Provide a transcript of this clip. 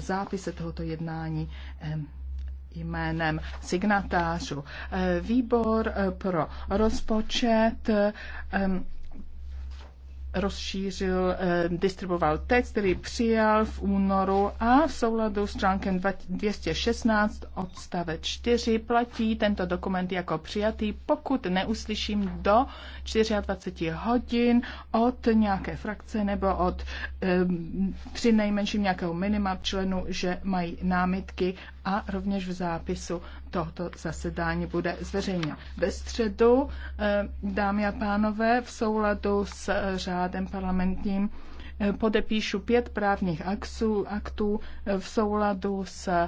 zápise tohoto jednání jménem signatářů. E, výbor e, pro rozpočet e, rozšířil, eh, distribuoval text, který přijal v únoru a v souladu s článkem 216 odstavec 4 platí tento dokument jako přijatý, pokud neuslyším do 24 hodin od nějaké frakce nebo od ehm, při nejmenším nějakého minima členu, že mají námitky a rovněž v zápisu tohoto zasedání bude zveřejněno. Ve středu, ehm, dámy a pánové, v souladu s eh, řádem úradem parlamentním eh, podepíšu pět právních aktů, aktů eh, v souladu s